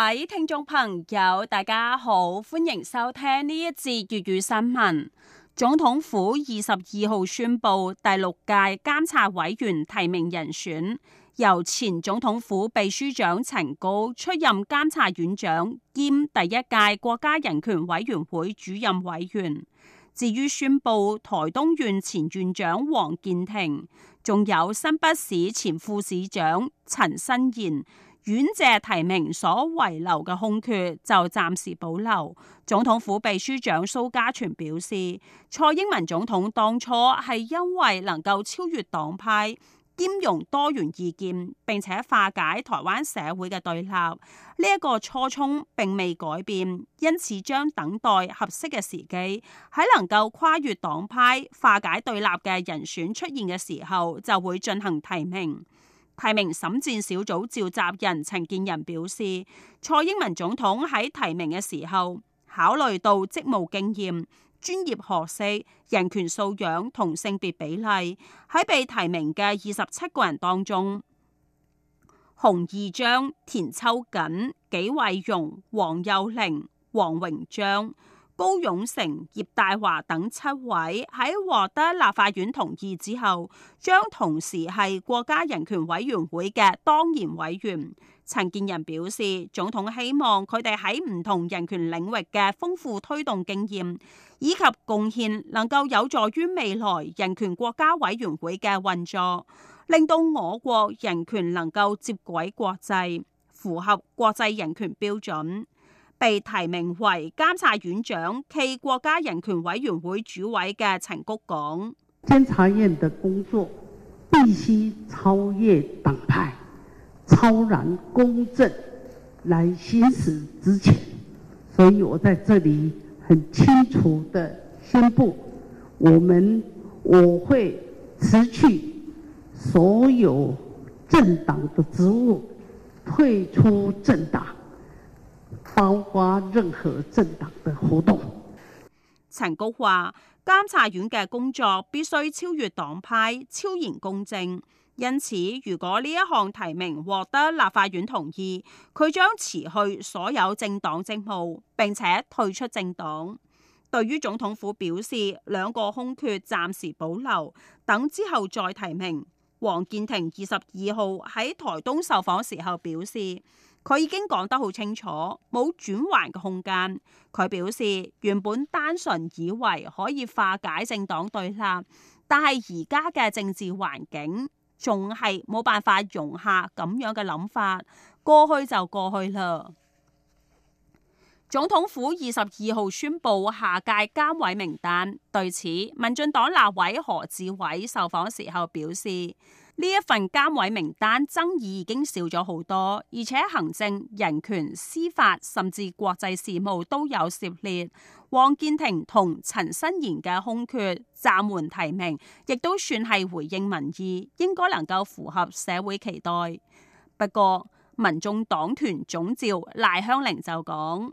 各位聽眾朋友，大家好，歡迎收聽呢一節粵語新聞。總統府二十二號宣布第六屆監察委員提名人選，由前總統府秘書長陳菊出任監察院長兼第一屆國家人權委員會主任委員。至於宣布台東縣前縣長黃健庭，仲有新北市前副市長陳新賢。院婉謝提名所遺留嘅空缺就暫時保留。總統府秘書長蘇嘉全表示，蔡英文總統當初係因為能夠超越黨派、兼容多元意見，並且化解台灣社會嘅對立，呢、這、一個初衷並未改變，因此將等待合適嘅時機，喺能夠跨越黨派、化解對立嘅人選出現嘅時候，就會進行提名。提名審薦小組召集人陳建仁表示，蔡英文總統喺提名嘅時候，考慮到職務經驗、專業學識、人權素養同性別比例，喺被提名嘅二十七個人當中，洪義章、田秋瑾、紀惠容、王幼玲、王榮璋、高勇成、葉大華等七位喺獲得立法院同意之後，將同時係國家人權委員會嘅當然委員，陳建仁表示，總統希望佢哋喺唔同人權領域嘅豐富推動經驗以及貢獻能夠有助於未來人權國家委員會嘅運作，令到我國人權能夠接軌國際，符合國際人權標準。被提名為監察院長暨國家人權委員會主委嘅陳菊講：監察院的工作必須超越黨派，超然公正來行使職權，所以我在這裏很清楚的宣布我，我們我會辭去所有政黨的職務，退出政黨。包括任何政黨嘅活動。陳菊話：監察院嘅工作必須超越黨派，超然公正。因此，如果呢一項提名獲得立法院同意，佢將辭去所有政黨職務，並且退出政黨。對於總統府表示，兩個空缺暫時保留，等之後再提名。黃健庭二十二號喺台東受訪時候表示，佢已經講得好清楚，冇轉圜嘅空間。佢表示原本單純以為可以化解政黨對立，但係而家嘅政治環境仲係冇辦法容下咁樣嘅諗法。過去就過去啦。總統府二十二號宣布下屆監委名單，對此民進黨立委何志偉受訪時候表示。呢一份監委名單爭議已經少咗好多，而且行政、人權、司法甚至國際事務都有涉獵。黃健庭同陳新賢嘅空缺暫緩提名，亦都算係回應民意，應該能夠符合社會期待。不過，民眾黨團總召賴香伶就講。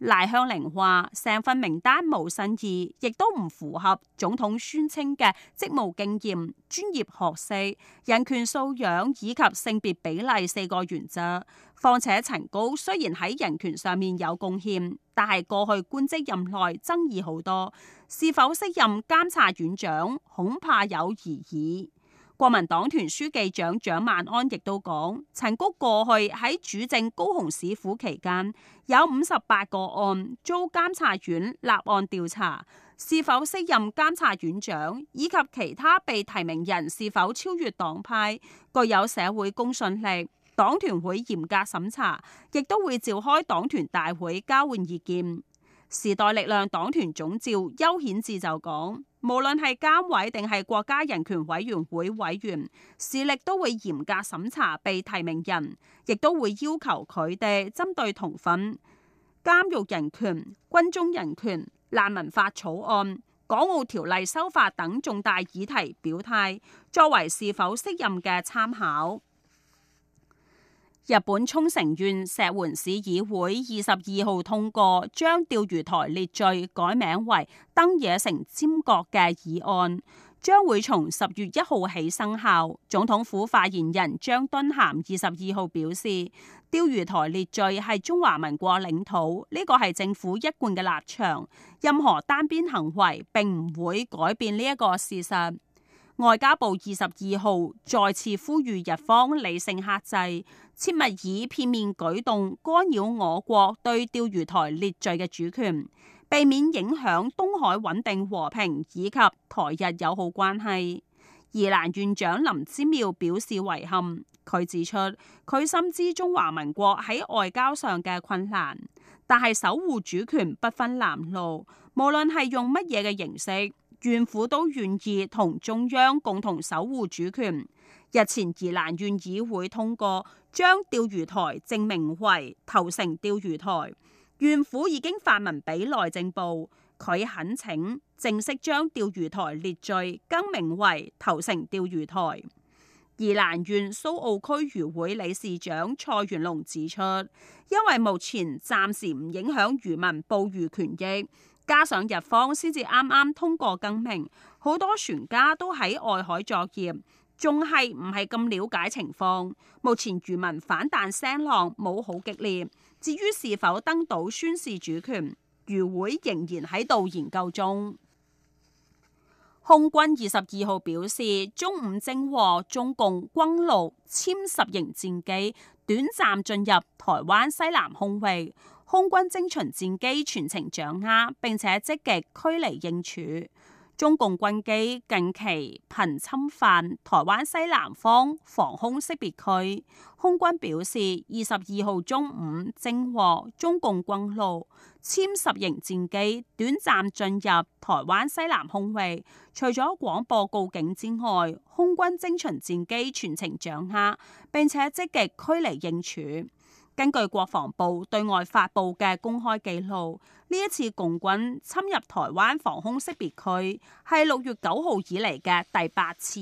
賴向玲話：成份名單無新意，亦都唔符合總統宣稱嘅職務經驗、專業學識、人權素養以及性別比例四個原則。況且陳菊雖然喺人權上面有貢獻，但係過去官職任內爭議好多，是否適任監察院長恐怕有疑議。國民黨團書記長蔣萬安亦都講，陳菊過去喺主政高雄市府期間，有五十八個案遭監察院立案調查，是否適任監察院長以及其他被提名人是否超越黨派、具有社會公信力，黨團會嚴格審查，亦都會召開黨團大會交換意見。時代力量黨團總召邱顯智就講。無論係監委定係國家人權委員會委員，時力都會嚴格審查被提名人，亦都會要求佢哋針對同婚、監獄人權、軍中人權、難民法草案、港澳條例修法等重大議題表態，作為是否適任嘅參考。日本沖繩縣石垣市議會二十二號通過將釣魚台列嶼改名為登野城尖角嘅議案，將會從十月一號起生效。總統府發言人張敦涵二十二號表示，釣魚台列嶼係中華民國領土，呢個係政府一貫嘅立場，任何單邊行為並唔會改變呢一個事實。外交部二十二號再次呼籲日方理性克制，切勿以片面舉動干擾我國對釣魚台列嶼嘅主權，避免影響東海穩定和平，以及台日友好關係。宜蘭縣長林姿妙表示遺憾，佢指出，佢深知中華民國喺外交上嘅困難，但係守護主權不分藍綠，無論係用乜嘢嘅形式怨府都願意同中央共同守護主權。日前，宜蘭縣議會通過將釣魚台正名為頭城釣魚台，縣府已經發文俾內政部，佢懇請正式將釣魚台列嶼更名為頭城釣魚台。宜蘭縣蘇澳區漁會理事長蔡元龍指出，因為目前暫時唔影響漁民捕魚權益。加上日方先至啱啱通過更名，好多船家都喺外海作業，仲係唔係咁了解情況，目前漁民反彈聲浪冇好激烈，至於是否登島宣示主權，漁會仍然喺度研究中。空軍二十二號表示，中午偵獲中共軍轟六殲十型戰機短暫進入台灣西南空域。空軍精巡戰機全程掌握，並且積極驅離應處。中共軍機近期頻侵犯台灣西南方防空識別區，空軍表示二十二號中午，偵獲中共軍轟六、殲十型戰機短暫進入台灣西南空域，除咗廣播告警之外，空軍精巡戰機全程掌握，並且積極驅離應處。根據國防部對外發布嘅公開記錄，呢一次共軍侵入台灣防空識別區係六月九號以嚟嘅第八次。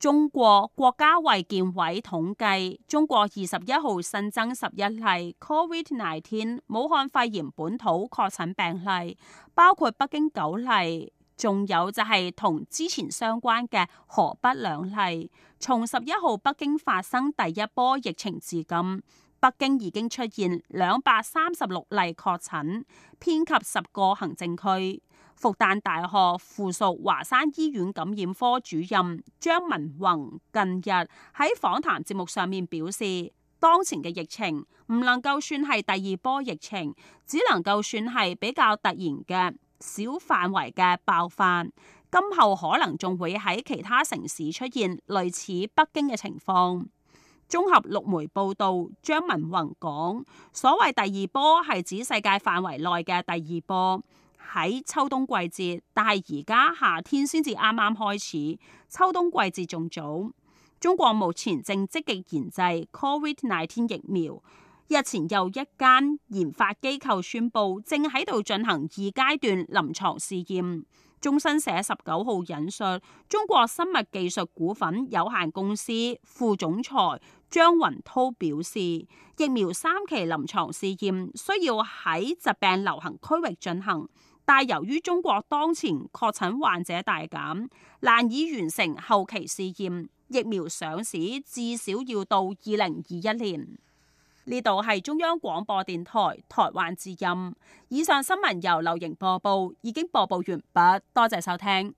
中國國家衛健委統計，中國二十一號新增十一例 COVID-19 武漢肺炎本土確診病例，包括北京九例。仲有就係同之前相關嘅河北兩例，從十一號北京發生第一波疫情至今，北京已經出現兩百三十六例確診，遍及十個行政區。復旦大學附屬華山醫院感染科主任張文宏近日喺訪談節目上面表示，當前嘅疫情唔能夠算係第二波疫情，只能夠算係比較突然嘅。小範圍嘅爆發，今後可能仲會喺其他城市出現類似北京嘅情況。綜合陸媒報導，張文宏講：所謂第二波係指世界範圍內嘅第二波喺秋冬季節，但係而家夏天先至啱啱開始，秋冬季節仲早。中國目前正積極研製 Covid-19 疫苗。日前又一間研發機構宣布，正喺度進行二階段臨床試驗。中新社十九號引述中國生物技術股份有限公司副總裁張雲濤表示，疫苗三期臨床試驗需要喺疾病流行區域進行，但由於中國當前確診患者大減，難以完成後期試驗，疫苗上市至少要到二零二一年。呢度係中央廣播電台台灣之音。以上新聞由劉瑩播報，已經播報完畢。多謝收聽。